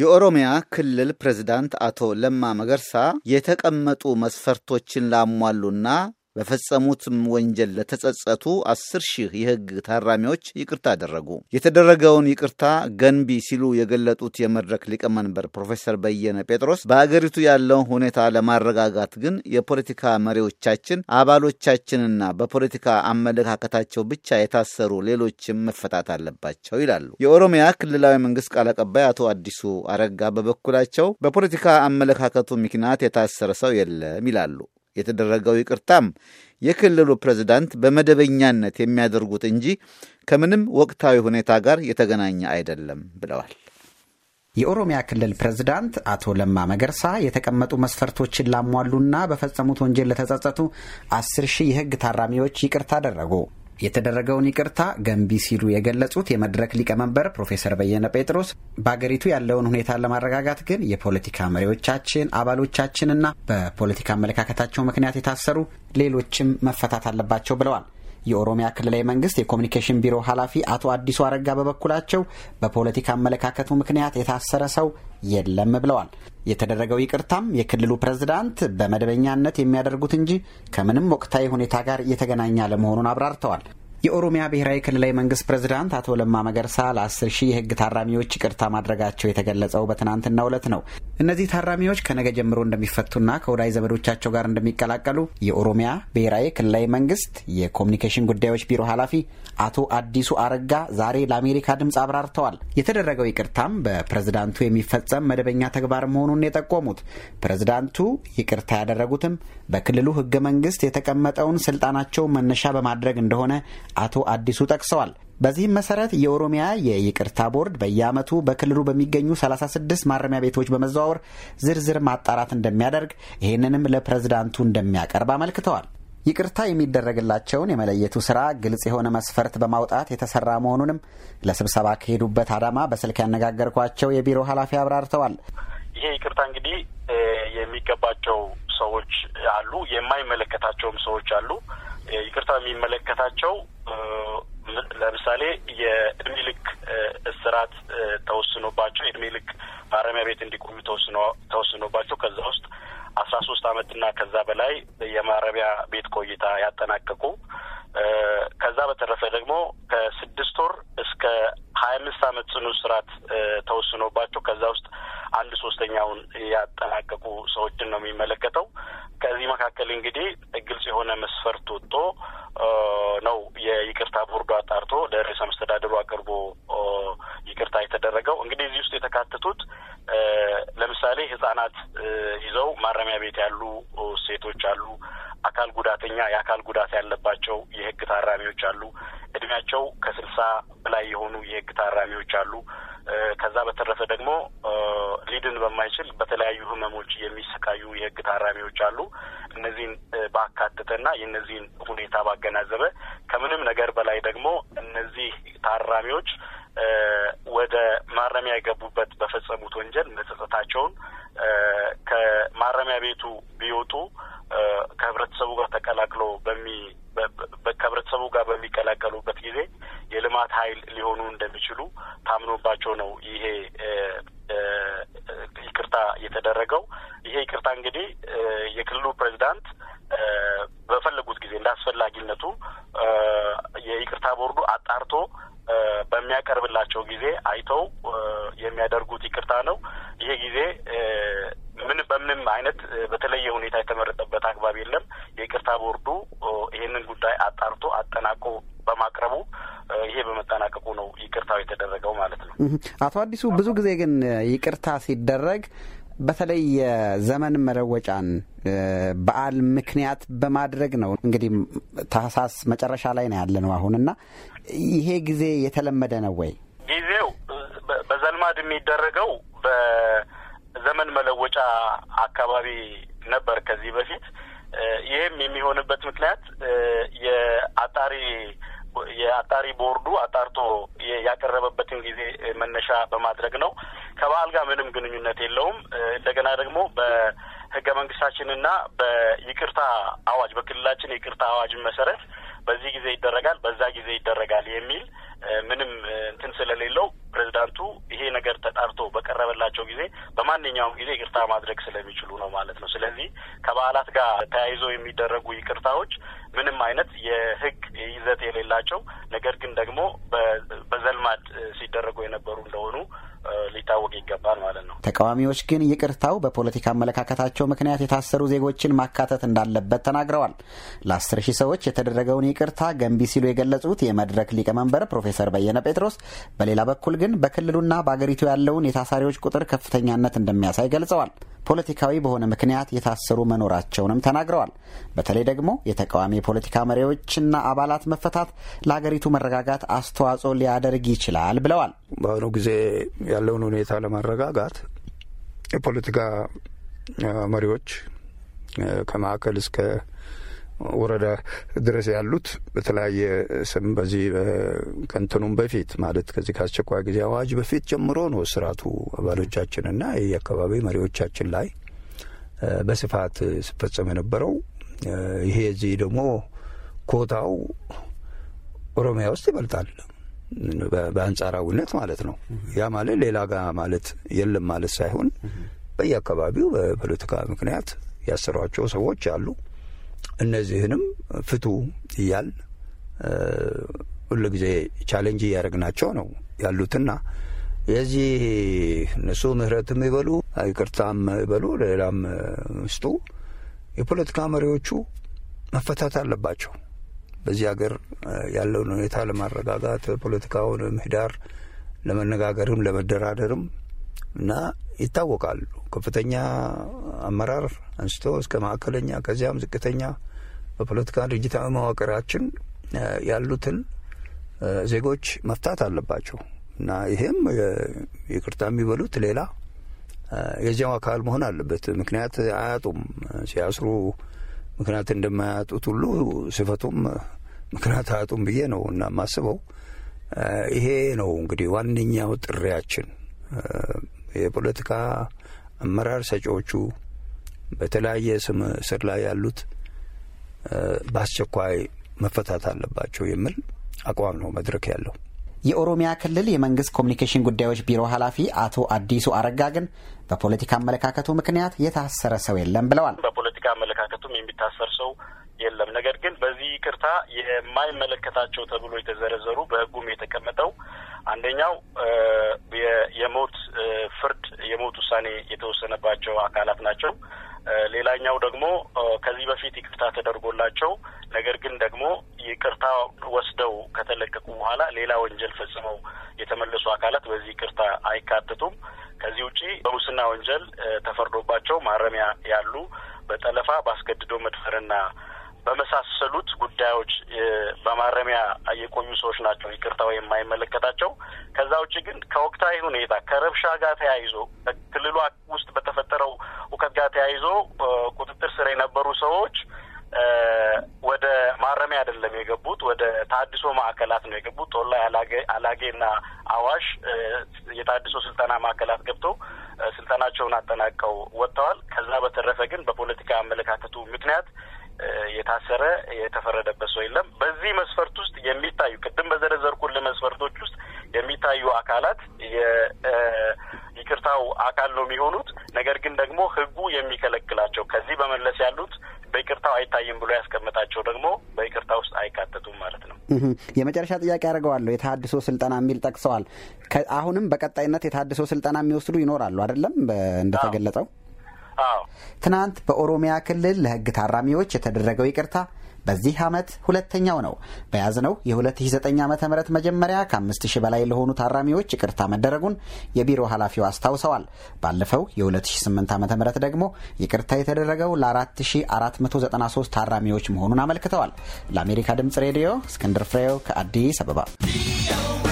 የኦሮሚያ ክልል ፕሬዝዳንት አቶ ለማ መገርሳ የተቀመጡ መስፈርቶችን ላሟሉና በፈጸሙትም ወንጀል ለተጸጸቱ አስር ሺህ የሕግ ታራሚዎች ይቅርታ አደረጉ። የተደረገውን ይቅርታ ገንቢ ሲሉ የገለጡት የመድረክ ሊቀመንበር ፕሮፌሰር በየነ ጴጥሮስ በአገሪቱ ያለውን ሁኔታ ለማረጋጋት ግን የፖለቲካ መሪዎቻችን፣ አባሎቻችንና በፖለቲካ አመለካከታቸው ብቻ የታሰሩ ሌሎችም መፈታት አለባቸው ይላሉ። የኦሮሚያ ክልላዊ መንግስት ቃል አቀባይ አቶ አዲሱ አረጋ በበኩላቸው በፖለቲካ አመለካከቱ ምክንያት የታሰረ ሰው የለም ይላሉ። የተደረገው ይቅርታም የክልሉ ፕሬዝዳንት በመደበኛነት የሚያደርጉት እንጂ ከምንም ወቅታዊ ሁኔታ ጋር የተገናኘ አይደለም ብለዋል። የኦሮሚያ ክልል ፕሬዝዳንት አቶ ለማ መገርሳ የተቀመጡ መስፈርቶችን ላሟሉና በፈጸሙት ወንጀል ለተጸጸቱ አስር ሺህ የህግ ታራሚዎች ይቅርታ አደረጉ። የተደረገውን ይቅርታ ገንቢ ሲሉ የገለጹት የመድረክ ሊቀመንበር ፕሮፌሰር በየነ ጴጥሮስ በአገሪቱ ያለውን ሁኔታ ለማረጋጋት ግን የፖለቲካ መሪዎቻችን፣ አባሎቻችንና በፖለቲካ አመለካከታቸው ምክንያት የታሰሩ ሌሎችም መፈታት አለባቸው ብለዋል። የኦሮሚያ ክልላዊ መንግስት የኮሚኒኬሽን ቢሮ ኃላፊ አቶ አዲሱ አረጋ በበኩላቸው በፖለቲካ አመለካከቱ ምክንያት የታሰረ ሰው የለም ብለዋል። የተደረገው ይቅርታም የክልሉ ፕሬዝዳንት በመደበኛነት የሚያደርጉት እንጂ ከምንም ወቅታዊ ሁኔታ ጋር የተገናኘ አለመሆኑን አብራርተዋል። የኦሮሚያ ብሔራዊ ክልላዊ መንግስት ፕሬዝዳንት አቶ ለማ መገርሳ ለአስር ሺህ የህግ ታራሚዎች ይቅርታ ማድረጋቸው የተገለጸው በትናንትናው ዕለት ነው። እነዚህ ታራሚዎች ከነገ ጀምሮ እንደሚፈቱና ከወዳጅ ዘመዶቻቸው ጋር እንደሚቀላቀሉ የኦሮሚያ ብሔራዊ ክልላዊ መንግስት የኮሚኒኬሽን ጉዳዮች ቢሮ ኃላፊ አቶ አዲሱ አረጋ ዛሬ ለአሜሪካ ድምፅ አብራርተዋል። የተደረገው ይቅርታም በፕሬዝዳንቱ የሚፈጸም መደበኛ ተግባር መሆኑን የጠቆሙት ፕሬዝዳንቱ ይቅርታ ያደረጉትም በክልሉ ህገ መንግስት የተቀመጠውን ስልጣናቸው መነሻ በማድረግ እንደሆነ አቶ አዲሱ ጠቅሰዋል። በዚህም መሰረት የኦሮሚያ የይቅርታ ቦርድ በየዓመቱ በክልሉ በሚገኙ 36 ማረሚያ ቤቶች በመዘዋወር ዝርዝር ማጣራት እንደሚያደርግ ይህንንም ለፕሬዝዳንቱ እንደሚያቀርብ አመልክተዋል። ይቅርታ የሚደረግላቸውን የመለየቱ ስራ ግልጽ የሆነ መስፈርት በማውጣት የተሰራ መሆኑንም ለስብሰባ ከሄዱበት አዳማ በስልክ ያነጋገርኳቸው የቢሮ ኃላፊ አብራርተዋል። ይሄ ይቅርታ እንግዲህ የሚገባቸው ሰዎች አሉ፣ የማይመለከታቸውም ሰዎች አሉ። ይቅርታ የሚመለከታቸው ለምሳሌ የእድሜ ልክ እስራት ተወስኖባቸው የእድሜ ልክ ማረሚያ ቤት እንዲቆዩ ተወስኖባቸው ከዛ ውስጥ አስራ ሶስት አመትና ከዛ በላይ የማረ ርዕሰ መስተዳድሩ አቅርቦ ይቅርታ የተደረገው እንግዲህ እዚህ ውስጥ የተካተቱት ለምሳሌ ህጻናት ይዘው ማረሚያ ቤት ያሉ ሴቶች አሉ፣ አካል ጉዳተኛ፣ የአካል ጉዳት ያለባቸው የህግ ታራሚዎች አሉ፣ እድሜያቸው ከስልሳ በላይ የሆኑ የህግ ታራሚዎች አሉ። ከዛ በተረፈ ደግሞ ሊድን በማይችል በተለያዩ ህመሞች የሚሰቃዩ የህግ ታራሚዎች አሉ። እነዚህን ባካተተና የእነዚህን ሁኔታ ባገናዘበ ከምንም ነገር በላይ ደግሞ እነዚህ ታራሚዎች ወደ ማረሚያ የገቡበት በፈጸሙት ወንጀል መጸጸታቸውን ከማረሚያ ቤቱ ቢወጡ ከህብረተሰቡ ጋር ተቀላቅሎ በሚ ከህብረተሰቡ ጋር በሚቀላቀሉበት ጊዜ የልማት ኃይል ሊሆኑ እንደሚችሉ ታምኖባቸው ነው ይሄ ይቅርታ የተደረገው። ይሄ ይቅርታ እንግዲህ የክልሉ ፕሬዚዳንት በፈለጉት ጊዜ እንደ አስፈላጊነቱ የይቅርታ ቦርዱ አጣርቶ በሚያቀርብላቸው ጊዜ አይተው የሚያደርጉት ይቅርታ ነው። ይሄ ጊዜ ምን በምንም አይነት በተለየ ሁኔታ የተመረጠበት አግባብ የለም። የይቅርታ ቦርዱ አቶ አዲሱ ብዙ ጊዜ ግን ይቅርታ ሲደረግ በተለይ የዘመን መለወጫን በዓል ምክንያት በማድረግ ነው። እንግዲህ ታህሳስ መጨረሻ ላይ ነው ያለነው አሁን እና ይሄ ጊዜ የተለመደ ነው ወይ? ጊዜው በዘልማድ የሚደረገው በዘመን መለወጫ አካባቢ ነበር ከዚህ በፊት። ይህም የሚሆንበት ምክንያት የአጣሪ የአጣሪ ቦርዱ አጣርቶ ያቀረበበትን ጊዜ መነሻ በማድረግ ነው። ከበዓል ጋር ምንም ግንኙነት የለውም። እንደገና ደግሞ በህገ መንግስታችንና በይቅርታ አዋጅ በክልላችን የይቅርታ አዋጅን መሰረት በዚህ ጊዜ ይደረጋል፣ በዛ ጊዜ ይደረጋል የሚል ምንም እንትን ስለሌለው ፕሬዚዳንቱ ይሄ ነገር ተጣርቶ በቀረበላቸው ጊዜ በማንኛውም ጊዜ ይቅርታ ማድረግ ስለሚችሉ ነው ማለት ነው። ስለዚህ ከበዓላት ጋር ተያይዘው የሚደረጉ ይቅርታዎች ምንም አይነት የሕግ ይዘት የሌላቸው ነገር ግን ደግሞ በዘልማድ ሲደረጉ የነበሩ እንደሆኑ ሊታወቅ ይገባል ማለት ነው። ተቃዋሚዎች ግን ይቅርታው በፖለቲካ አመለካከታቸው ምክንያት የታሰሩ ዜጎችን ማካተት እንዳለበት ተናግረዋል። ለአስር ሺህ ሰዎች የተደረገውን ይቅርታ ገንቢ ሲሉ የገለጹት የመድረክ ሊቀመንበር ፕሮፌሰር በየነ ጴጥሮስ በሌላ በኩል ግን በክልሉና በአገሪቱ ያለውን የታሳሪዎች ቁጥር ከፍተኛነት እንደሚያሳይ ገልጸዋል። ፖለቲካዊ በሆነ ምክንያት የታሰሩ መኖራቸውንም ተናግረዋል። በተለይ ደግሞ የተቃዋሚ የፖለቲካ መሪዎችና አባላት መፈታት ለሀገሪቱ መረጋጋት አስተዋጽኦ ሊያደርግ ይችላል ብለዋል። በአሁኑ ጊዜ ያለውን ሁኔታ ለማረጋጋት የፖለቲካ መሪዎች ከማዕከል እስከ ወረዳ ድረስ ያሉት በተለያየ ስም በዚህ ከንትኑም በፊት ማለት ከዚህ ከአስቸኳይ ጊዜ አዋጅ በፊት ጀምሮ ነው ስርዓቱ አባሎቻችንና የአካባቢ መሪዎቻችን ላይ በስፋት ሲፈጸም የነበረው። ይሄ እዚህ ደግሞ ኮታው ኦሮሚያ ውስጥ ይበልጣል በአንጻራዊነት ማለት ነው። ያ ማለት ሌላ ጋ ማለት የለም ማለት ሳይሆን በየአካባቢው በፖለቲካ ምክንያት ያሰሯቸው ሰዎች አሉ። እነዚህንም ፍቱ እያል ሁሉ ጊዜ ቻሌንጅ እያደረግናቸው ነው ያሉትና የዚህ እነሱ ምህረትም ይበሉ ይቅርታም ይበሉ ሌላም ውስጡ የፖለቲካ መሪዎቹ መፈታት አለባቸው። በዚህ ሀገር ያለውን ሁኔታ ለማረጋጋት ፖለቲካውን ምህዳር ለመነጋገርም ለመደራደርም እና ይታወቃሉ። ከፍተኛ አመራር አንስቶ እስከ ማዕከለኛ ከዚያም ዝቅተኛ በፖለቲካ ድርጅታዊ መዋቅራችን ያሉትን ዜጎች መፍታት አለባቸው እና ይሄም ይቅርታ የሚበሉት ሌላ የዚያው አካል መሆን አለበት። ምክንያት አያጡም። ሲያስሩ ምክንያት እንደማያጡት ሁሉ ስፈቱም ምክንያት አያጡም ብዬ ነው እና ማስበው ይሄ ነው እንግዲህ ዋነኛው ጥሪያችን የፖለቲካ አመራር ሰጪዎቹ በተለያየ ስም ስር ላይ ያሉት በአስቸኳይ መፈታት አለባቸው የሚል አቋም ነው መድረክ ያለው። የኦሮሚያ ክልል የመንግስት ኮሚኒኬሽን ጉዳዮች ቢሮ ኃላፊ አቶ አዲሱ አረጋ ግን በፖለቲካ አመለካከቱ ምክንያት የታሰረ ሰው የለም ብለዋል። በፖለቲካ አመለካከቱም የሚታሰር ሰው የለም። ነገር ግን በዚህ ይቅርታ የማይመለከታቸው ተብሎ የተዘረዘሩ በህጉም የተቀመጠው አንደኛው የሞት ፍርድ የሞት ውሳኔ የተወሰነባቸው አካላት ናቸው። ሌላኛው ደግሞ ከዚህ በፊት ይቅርታ ተደርጎላቸው ነገር ግን ደግሞ ይቅርታ ወስደው ከተለቀቁ በኋላ ሌላ ወንጀል ፈጽመው የተመለሱ አካላት በዚህ ይቅርታ አይካተቱም። ከዚህ ውጪ በሙስና ወንጀል ተፈርዶባቸው ማረሚያ ያሉ በጠለፋ በአስገድዶ መድፈርና በመሳሰሉት ጉዳዮች በማረሚያ የቆዩ ሰዎች ናቸው ይቅርታው የማይመለከታቸው። ከዛ ውጭ ግን ከወቅታዊ ሁኔታ ከረብሻ ጋር ተያይዞ ግን በፖለቲካ አመለካከቱ ምክንያት የታሰረ የተፈረደበት ሰው የለም። በዚህ መስፈርት ውስጥ የሚታዩ ቅድም በዘረዘርኩል መስፈርቶች ውስጥ የሚታዩ አካላት የይቅርታው አካል ነው የሚሆኑት። ነገር ግን ደግሞ ህጉ የሚከለክላቸው ከዚህ በመለስ ያሉት በይቅርታው አይታይም ብሎ ያስቀመጣቸው ደግሞ በይቅርታ ውስጥ አይካተቱም ማለት ነው። የመጨረሻ ጥያቄ አድርገዋለሁ። የተሀድሶ ስልጠና የሚል ጠቅሰዋል። አሁንም በቀጣይነት የተሀድሶ ስልጠና የሚወስዱ ይኖራሉ አይደለም እንደተገለጸው ትናንት በኦሮሚያ ክልል ለህግ ታራሚዎች የተደረገው ይቅርታ በዚህ ዓመት ሁለተኛው ነው። በያዝነው የ2009 ዓ ም መጀመሪያ ከ5000 በላይ ለሆኑ ታራሚዎች ይቅርታ መደረጉን የቢሮ ኃላፊው አስታውሰዋል። ባለፈው የ2008 ዓ ም ደግሞ ይቅርታ የተደረገው ለ4493 ታራሚዎች መሆኑን አመልክተዋል። ለአሜሪካ ድምፅ ሬዲዮ እስክንድር ፍሬው ከአዲስ አበባ